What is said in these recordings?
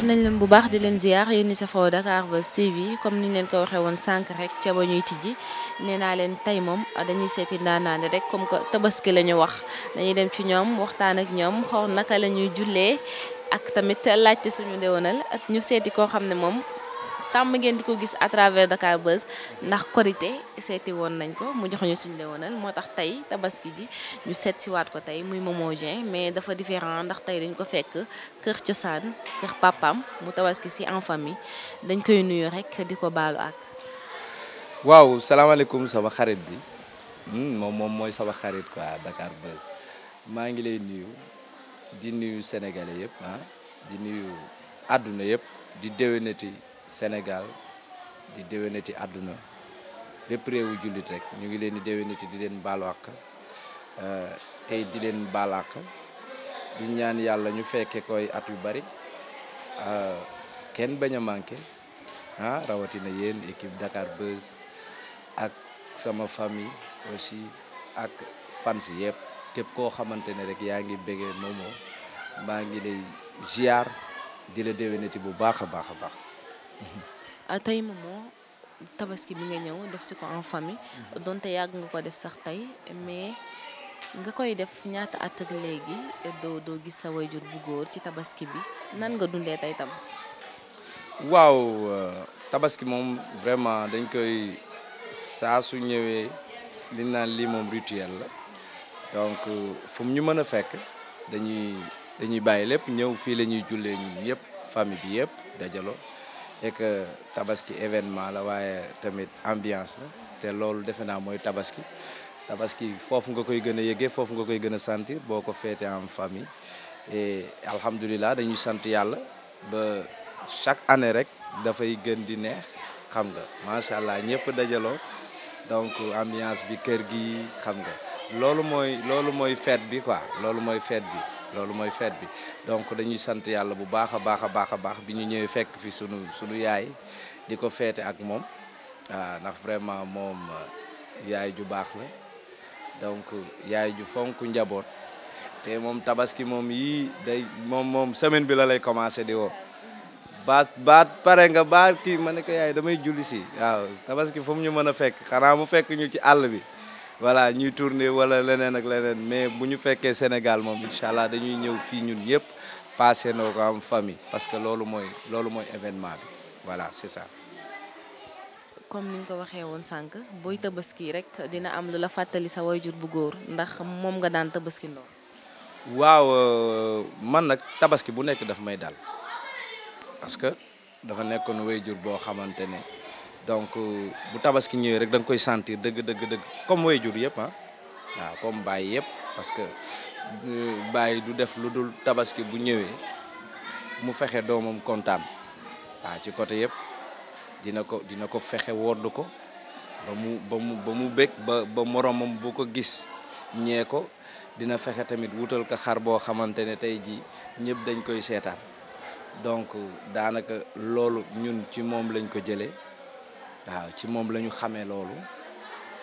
ñëwaat nañ leen bu baax di leen ziar yéen ñi safoo Dakar Buzz TV comme ni leen ko waxee woon sànq rek ca ba ñuy tijji nee naa leen tey moom dañuy seeti ndaanaane rek comme que tabaski la ñu wax dañuy dem ci ñoom waxtaan ak ñoom xool naka lañuy ñuy jullee ak tamit laajte suñu déwénal ak ñu seeti koo xam ne moom tàmm ngeen di ko gis à travers Dakar Buzz ndax korité seeti woon nañ ko mu jox ñu suñu leewoonal moo tax tey tabaski ji ñu seet si waat ko tey muy Momo Dieng mais dafa différent ndax tey dañ ko fekk kër cosaan kër papam mu tabaski si en famille dañ koy nuyu rek di ko baalu ak waaw salaamaaleykum sama xarit bi hmm, moom moom mooy sama xarit quoi Dakar Buzz maa ngi lay nuyu di nuyu sénégalais yëpp ah di nuyu àdduna yëpp di déwénati Sénégal di déwénati àdduna lépp réewu jullit rek ñu ngi leen di déwénati di leen baalu àq euh, tey di leen baal di ñaan yàlla ñu fekke koy at yu bari euh, kenn bañ a manqué ah rawatina yéen équipe Dakar Buzz ak sama famille aussi ak fans yëpp képp koo xamante ne rek yaa ngi bëggee Momo maa ngi lay ziar di la déwénati bu baax a baax a baax. Euh, tey moom tabaski bi nga ñëw def si ko en famille mhm. donte yàgg nga ko def sax tey mais nga koy def ñaata at ak léegi doo doo gis sa wayjur bu góor ci tabaski bi nan nga dundee tey tabaski waaw euh, tabaski moom vraiment dañ koy saa su ñëwee li naan lii moom rituel la donc euh, fu ñu mën a fekk dañuy dañuy bàyyi lépp ñëw fii la ñuy jullee ñun yëpp famille bi yëpp dajaloo et que tabaski événement la waaye tamit ambiance la te loolu defe naa mooy tabaski tabaski foofu nga koy gën a yëgee foofu nga koy gën a sentir boo ko féete en famille et alhamdulilah dañuy sant yàlla ba chaque année rek dafay gën di neex xam nga macha allah ñëpp dajaloo donc ambiance bi kër gi xam nga loolu mooy loolu mooy feet bi quoi loolu mooy feet bi. loolu mooy fête bi donc dañuy sant yàlla bu baax a baax a baax a baax bi ñu ñëwee fekk fi sunu sunu yaay di ko feete ak moom waaw ah, ndax vraiment moom euh, yaay ju baax la donc yaay ju fonk njaboot te moom tabaski moom yii day moom moom semaine bi la lay commencé di woo baat baat pare nga baat kii ma ne ko yaay damay julli si waaw tabaski fu mu ñu mën a fekk xanaa mu fekk ñu ci àll bi voilà ñuy tourner wala leneen ak leneen mais bu ñu fekkee Sénégal moom incha allah dañuy ñëw fii ñun yëpp passé noo ko am famille parce que loolu mooy loolu mooy événement bi voilà c'est ça. comme ni nga ko waxee woon sànq booy tabaski rek dina am lu la fàttali sa jur bu góor ndax moom nga daan tabaski ndoom waaw euh, man nag tabaski bu nekk dafa may dal parce que dafa nekkoon jur boo xamante ne. donc euh, bu tabaski ñëwee rek da nga koy sentir dëgg dëgg dëgg comme way jur yëpp ah waaw comme bàyyi yëpp parce que euh, bàyyi du def lu dul tabaski bu ñëwee mu fexe doomam kontaan waaw ci côté yëpp dina ko dina ko fexe wodd ko ba mu ba mu ba bég ba ba moromam bu ko gis ñee ko dina fexe tamit wutal ko xar boo xamante ne tey jii ñëpp dañ koy seetaan donc daanaka loolu ñun ci moom lañ ko jëlee waaw ci moom la ñu xamee loolu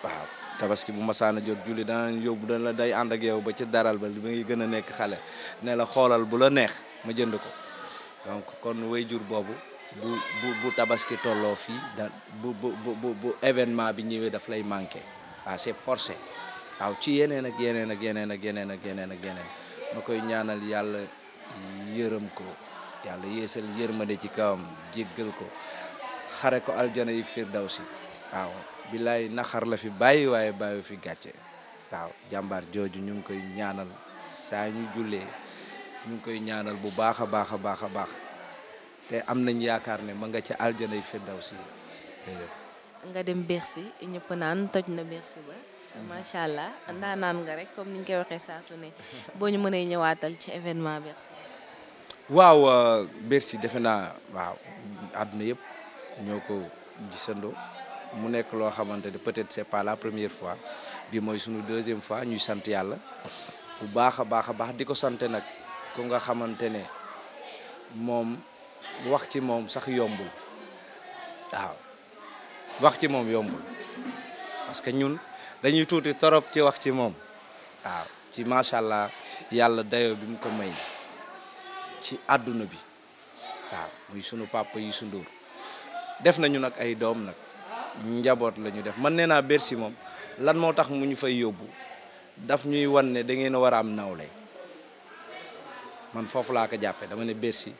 waaw tabaski bu masaan a jot julli danañ yóbbu dana la day ànd ak yow ba ci daral ba li ngay gën a nekk xale ne la xoolal bu la neex ma jënd ko donc kon wayjur boobu bu tabaski tolloo fii da bu bu événement bi ñëwee daf lay manqué waaw c'est forcé waaw ci yeneen ak yeneen ak yeneen ak yeneen ak yeneen ak yeneen ma koy ñaanal yàlla yërëm ko yàlla yeesal yërmande ci kawam jéggal ko xare ko aljana yi si waaw billaay naxar la fi bàyyi waaye bàyyi fi gàcce waaw jàmbaar jooju ñu ngi koy ñaanal saa ñu julee ñu ngi koy ñaanal bu baax a baax a baax a baax te am nañ yaakaar ne ma nga ca aljana yi si nga dem Bercy ñëpp naan toj na Bercy ba macha allah ndaanaan nga rek comme niñ koy waxee saa su ne boo ñu mënee ñëwaatal ci événement Bercy waaw euh, Bercy defe naa waaw àdduna yëpp ñoo ko gisandoo mu nekk loo xamante ne peut-être c'est pas la première fois bi mooy sunu deuxième fois ñuy sant yàlla bu baax a baax a baax di ko sante nag ku nga xamante ne moom wax ci moom sax yombul waaw wax ci moom yombul parce que ñun dañuy tuuti torop ci wax ci moom waaw ci macha allah yàlla dayoo bi mu ko may ci àdduna bi waaw muy sunu papa Youssou Ndour def nañu nag ay doom nag njaboot la ñu def man nee naa Bercy moom lan moo tax mu ñu fay yóbbu daf ñuy wan ne da ngeen a war a am nawle man foofu laa jàppee dama ne Bercy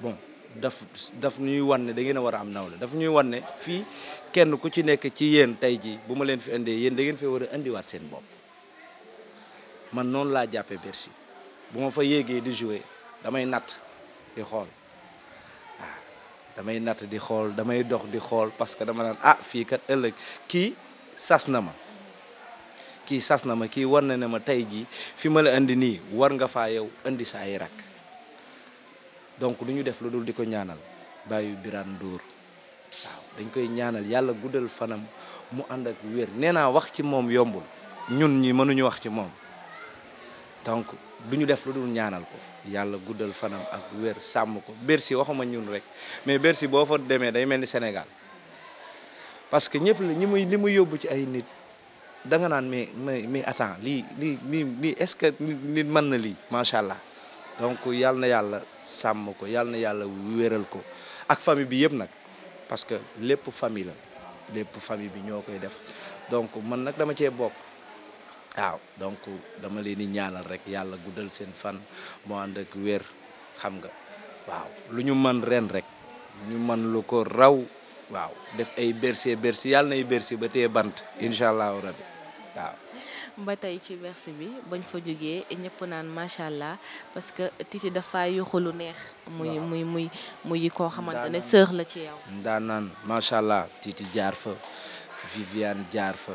bon daf daf ñuy wan ne da ngeen war a am nawle daf ñuy wan fii kenn ku ci nekk ci yéen tey ji bu ma leen fi indee yéen da ngeen fee war a indiwaat seen bopp man noonu laa jàppee Bercy bu ma fa yéegee di jouer damay natt di xool damay natt di xool damay dox di xool parce que dama naan ah fii kat ëllëg kii sas na ma kii sas na ma kii war na ne ma tey jii fi ma la indi nii war nga faa yow indi saa yi rak donc lu ñu def lu dul di ko ñaanal bàyyi Birane Ndour waaw dañ koy ñaanal yàlla guddal fanam mu ànd ak wér nee naa wax ci moom yombul ñun ñi mënuñu wax ci moom donc du ñu def lu du ñaanal ko yàlla guddal fanam ak weer sàmm ko Bercy waxuma ñun rek mais Bercy boo fa demee day mel ni Sénégal parce que ñëpp la ñi li muy yóbbu ci ay nit da nga naan mais mais mais attends lii lii lii lii est-ce que nit mën na lii macha allah donc yàlla na yàlla sàmm ko yàlla na yàlla wéral ko ak famille bi yëpp nag parce que lépp famille la lépp famille bi ñoo koy def donc man nag dama cee bokk. waaw donc dama leen di ñaanal rek yàlla guddal seen fan moo ànd ak wér xam nga waaw lu ñu man ren rek ñu mën lu ko raw waaw def ay bercé bercé yàlla nay bercé ba tee bant incha allahu rabi waaw tey ci bercé bi bañ fa jógee ñëpp naan macha allah parce que Titi dafa yuxu lu neex muy muy muy muy koo xamante ne sœur la ci yow ndaa naan macha allah tiiti jaar fa Viviane jaar fa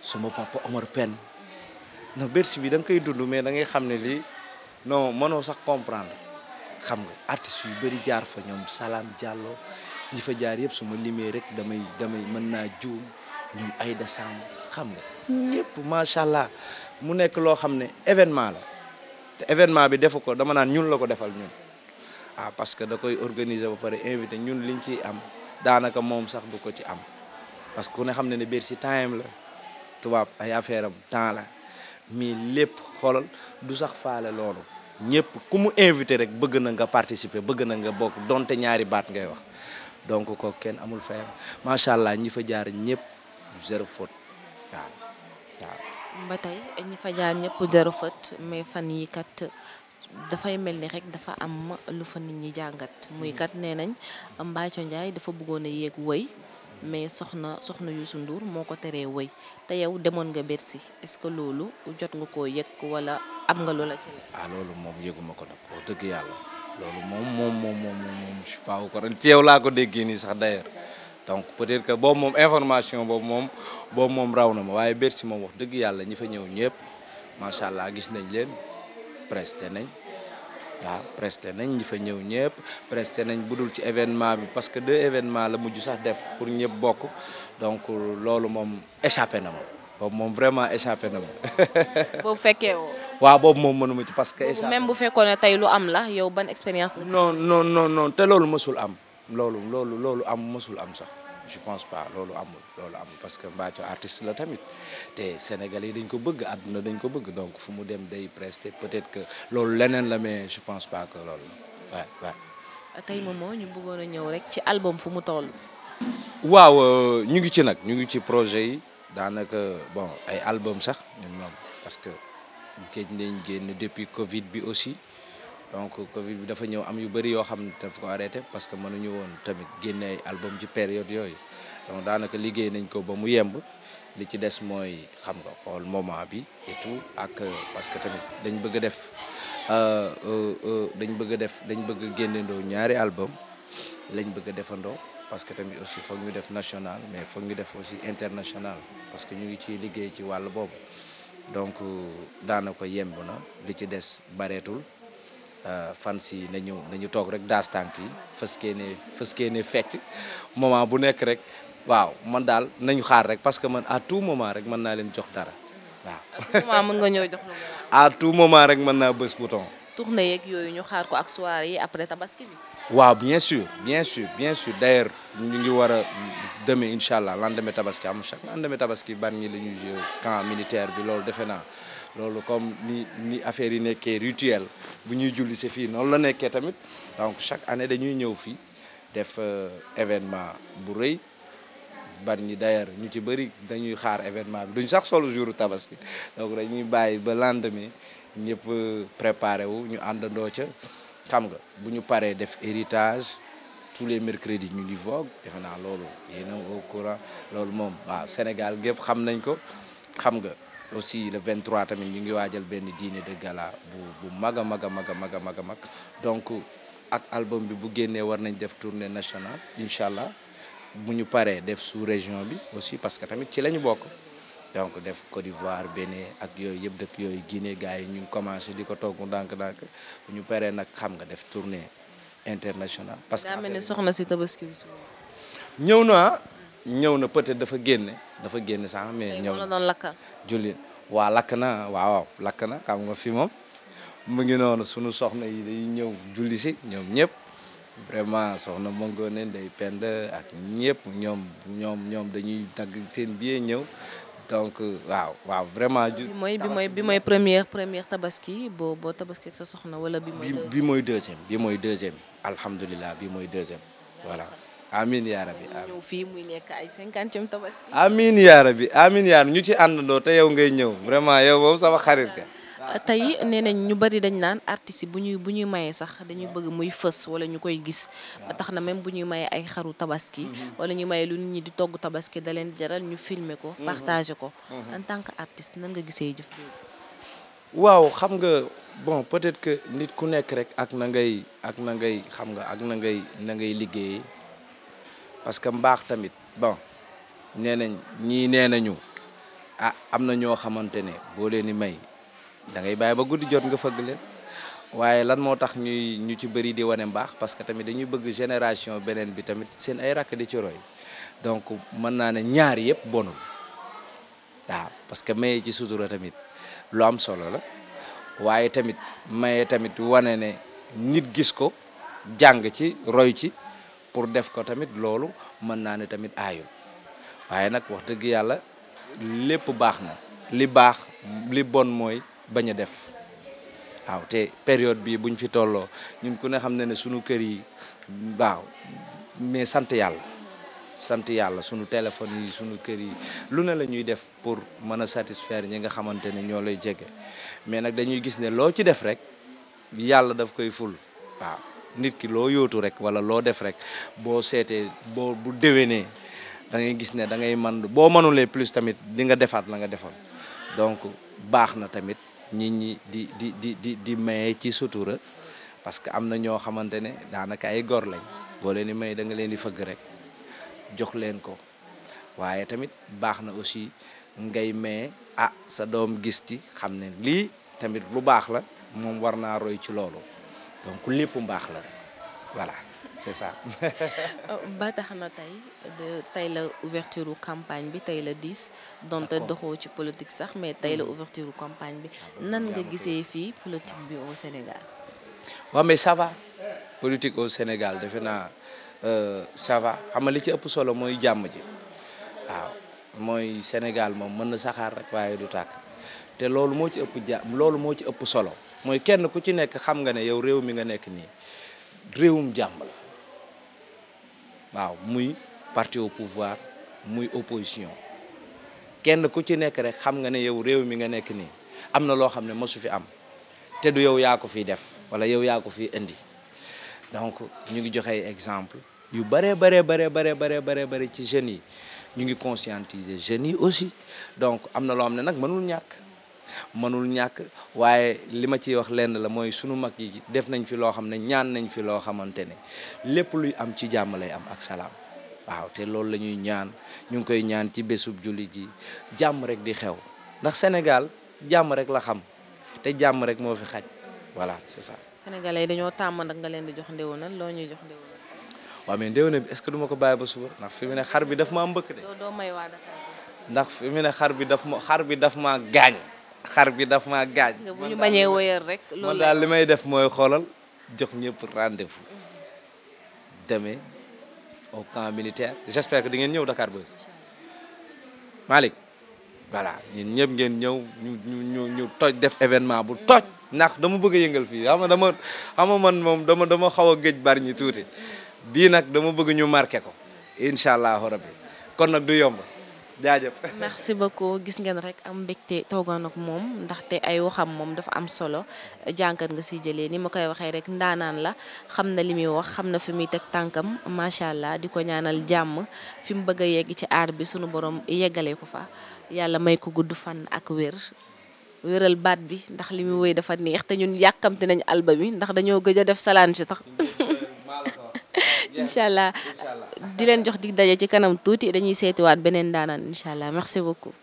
suma papa Omar Pène non Bercy bi da koy dund mais da ngay xam ne lii non manoo sax comprendre xam nga artistes yu bëri jaar fa ñoom Salam jàlloo ñi fa jaar yëpp su ma limee rek damay damay mën naa juum ñoom Aïda Samb xam nga ñëpp macha allah mu nekk loo xam ne événement la te événement bi defu ko dama naan ñun la ko defal ñun ah parce que da koy organiser ba pare invité ñun liñ ciy am daanaka moom sax du ko ci am parce que ku ne xam ne ne Bercy time la tubaab ay affaire am temps la mais lépp xoolal du sax faale loolu ñëpp ku mu invité rek bëgg na nga participer bëgg na nga bokk donte ñaari baat ngay wax donc ko kenn amul fayam macha allah ñi fa jaar ñëpp zéro faute waaw tey ñi fa jaar ñëpp zéro faute mais fan yi kat dafay mel ni rek dafa am lu fa nit ñi jàngat muy mm. kat nee nañ Mbathio Ndiaye dafa bëggoon a yéeg woy mais soxna soxna Youssou Ndour moo ko teree woy te yow demoon nga Bercy est-ce que loolu jot nga koo yëg wala am nga loola ci ah loolu moom yëguma ko nag wax dëgg yàlla loolu moom moom moom moom moom je sais ko ren ci yow laa ko déggee nii sax d'ailleurs donc peut-être que boobu moom information boobu moom boobu moom raw na ma waaye Bercy moom wax dëgg yàlla ñi fa ñëw ñëpp macha allah gis nañ leen presté nañ. waaw presté nañ ñi fa ñëw ñëpp presté nañ bu dul ci événement bi parce que de événement la mujj sax def pour ñëpp bokk donc loolu moom échappé na ma boobu moom vraiment échappé na ma. boobu fekkee waaw boobu moom mënumu ci parce que. échappé même bu fekkoon ne tey lu am la yow ban expérience nga. non non non te loolu mësul am loolu loolu loolu am mësul am sax. je pense pas loolu amul loolu amul parce que Mbathio artiste la tamit te Sénégalais yi dañ ko bëgg àdduna dañ ko bëgg donc fu mu dem day prester peut-être que loolu leneen la mais je pense pas que loolu la waaw waaw. tey moom ñu bëggoon a ñëw rek ci album fu mu toll. waaw euh, ñu ngi ci nag ñu ngi ci projet yi daanaka bon ay album sax ñoom parce que géej nañ génn depuis Covid bi aussi. donc Covid bi dafa ñëw am yu bëri yoo xam ne daf ko arrêté parce que mënuñu woon tamit génnee ay album ci période yooyu donc daanaka liggéey nañ ko ba mu yemb li ci des mooy xam nga xool moment bi et tout ak euh, parce que tamit dañ bëgg a def euh, euh, dañ bëgg a def dañ bëgg a génnendoo ñaari album lañ bëgg a defandoo parce que tamit aussi foog ñu def national mais foog ñu def international parce que ñu ngi ciy liggéey ci wàll boobu donc daanaka yemb na li ci des bareetul Euh, fan si nañu nañu toog rek daas tànk yi fës kee ne fës kee ne fecc moment bu nekk rek waaw man daal nañu xaar rek parce que man à tout moment rek mën naa leen jox dara waaw. mën nga ñëw jox lu à tout moment rek mën naa bës bouton. tournée yeeg yooyu ñu xaar ko ak soirée yi après tabaski bi. waaw bien sûr bien sûr bien sûr d'ailleurs ñu ngi war a demee incha allah lendemain tabaski am chaque lendemain tabaski ban ñi lañu ñuy joué camp militaire bi loolu defe naa. loolu comme ni ni affaire yi nekkee rituel bu ñuy julli si fii noonu la nekkee tamit donc chaque année dañuy ñëw fii def euh, événement bu rëy bari ñi d'ailleurs ñu ci bëri dañuy xaar événement bi duñ sax solo jour tabaski donc dañuy bàyyi ba lendemain ñëpp euh, préparé wu ñu àndandoo ca xam nga bu ñu paree def héritage tous les mercredis ñu ngi vogue defe loolu yéen au courant loolu moom waaw Sénégal gépp xam nañ ko xam nga aussi le 23 tamit ñu ngi waajal benn dîner de gala bu bu mag a mag a mag a mag a mag a mag donc ak album bi bu génnee war nañ def tournée national incha allah bu ñu paree def sous région bi aussi parce que tamit ci la ñu bokk donc def Côte d'Ivoire Bénin ak yooyu yëpp dëkk yooyu Guinée gars yi ñu ngi commencé di ko togg ndànk-ndànk bu ñu paree nag xam nga def tournée international parce que daa mel ne soxna si tabaski bi ñëw na ñëw na peut-être dafa génne dafa génn sànq mais ñëw na doon lakkal jullit waa lakk na waaw lakk na xam nga fi moom mu ngi noonu suñu soxna yi dañuy ñëw julli si ñoom ñëpp vraiment soxna mangoo ne day pend ak ñëpp ñoom ñoom ñoom dañuy dagg seen billet ñëw donc waaw waaw vraiment. ju mooy bi mooy bi mooy première première tabaski boo boo tabaski ak sa soxna wala. bi mooy deuxième bi mooy deuxième alhamdulilah bi mooy deuxième voilà. amiin yaa bi ñëw fii muy nekk ay cinquantième tabaski. amiin yaa rabbi amiin yaa ñu ci àndandoo te yow ngay ñëw vraiment yow moom sama xarit ka ah, tey nee nañ ñu bari dañ naan artistes yi bu ñuy bu ñuy mayee sax dañuy bëgg muy fës wala ñu koy gis ba tax na même bu ñuy mayee ay xaru tabaski mm-hmm. wala ñu mayee lu nit ñi di togg tabaski da leen jaral ñu filmer ko mm-hmm. partager ko mm-hmm. en tant que artist nan nga gisee jëf waaw xam nga bon peut-être que nit ku nekk rek ak na ak na xam nga ak na ngay na ngay liggéey parce que mbaax tamit bon nee nañ ñii nee nañu ah am na ñoo xamante ne boo leen di may dangay ngay bàyyi ba guddi jot nga fëgg leen waaye lan moo tax ñuy ñu ci bëri di wane mbaax parce que tamit dañuy bëgg génération beneen bi tamit seen ay rakk di ci roy donc mën naa ne ñaar yëpp bonul waaw parce que maye ci sutura tamit lu am solo la waaye tamit maye tamit wane ne nit gis ko jàng ci roy ci pour def ko tamit loolu mën naa ne tamit aayul waaye nag wax dëgg yàlla lépp baax na li baax li bon mooy bañ a def waaw te période bii buñ fi tolloo ñun ku ne xam ne ne sunu kër yi waaw mais sant yàlla sant yàlla sunu téléphone yi sunu kër yi lu ne la ñuy def pour mën a satisfaire ñi nga xamante ne ñoo lay jege mais nag dañuy gis ne loo ci def rek yàlla daf koy ful waaw nit ki loo yootu rek wala loo def rek boo seetee boo bu déwénee da ngay gis ne da ngay man boo mënulee plus tamit di nga defaat la nga defoon donc baax na tamit nit ñi di di di di di maye ci sutura parce que am na ñoo xamante ne daanaka ay gor lañ boo leen di may da nga leen di fëgg rek jox leen ko waaye tamit baax na aussi ngay maye ah sa doom gis ci xam ne lii tamit lu baax la moom war naa roy ci loolu donc lépp mbaax la voilà c'est ça. Euh, ba tax na tey de tey la ouverture campagne bi tey la 10. donte doxoo ci politique sax mais tey la hmm. ouverture campagne bi ah, nan nga gisee fii politique bi au Sénégal. waaw mais ça va politique au Sénégal defe naa euh, ça va li ci ëpp solo mooy jàmm ji waaw mooy Sénégal moom mën na saxaar rek waaye du tàkk. te loolu moo ci ëpp ja loolu moo ci ëpp solo mooy kenn ku ci nekk xam nga ne yow réew mi nga nekk nii réewum jàmm la waaw muy parti au pouvoir muy opposition kenn ku ci nekk rek xam nga ne yow réew mi nga nekk nii am na loo xam ne mosu fi am te du yow yaa ko fi def wala yow yaa ko fi indi donc ñu ngi joxe exemple yu bare bare bare bare bare bare bare ci jeunes yi ñu ngi conscientiser jeunes yi aussi donc am na loo xam ne nag mënul ñàkk mënul ñàkk waaye li ma ciy wax lenn la mooy sunu mag yi def nañ fi loo xam ne ñaan nañ fi loo xamante ne lépp luy am ci jàmm lay am ak salaam waaw te loolu la ñuy ñaan ñu ngi koy ñaan ci bésub jullit ji jàmm rek di xew ndax Sénégal jàmm rek la xam te jàmm rek moo fi xaj voilà c'est ça. dañoo tàmm nag nga leen di jox ndéwénal loo ñuy jox ndéwénal waaw mais ndéwéne bi est-ce que du ko bàyyi ba suba ndax fi mu ne xar bi daf maa mbëkk de. may waa ndax fi mu ne xar bi daf ma xar bi daf maa gaañ. xar bi daf maa gaañ. bu ñu bañee wóyal rek. loolu daal li may def mooy xoolal jox ñëpp rendez-vous. demee au camp militaire j'espère que ñëw Dakar Boys. Malick voilà ñun ñëpp ngeen ñëw ñu ñu ñu ñu toj def événement bu toj. ndax dama bëgg yëngal fii xam nga dama xam man moom dama dama xaw a géej bari ñi tuuti. bii nag dama bëgg ñu marqué ko incha allahu rabbi kon nag du yomb jaajëf. merci beaucoup gis ngeen rek am mbégte toogoon ak moom ndaxte ay waxam moom dafa am solo jànkat nga si jëlee ni ma koy waxee rek ndaanaan la xam na li muy wax xam na fi muy teg tànkam macha allah di ko ñaanal jàmm fi mu bëgg a yegg ci aar bi sunu borom yeggalee ko fa yàlla may ko gudd fan ak wér. wéral baat bi ndax li mu woy dafa neex te ñun yàkkamte nañ alba bi ndax dañoo gëj a def salaan si incha allah di leen jox dig daje ci kanam tuuti dañuy seetiwaat beneen daanaan incha allah merci beaucoup.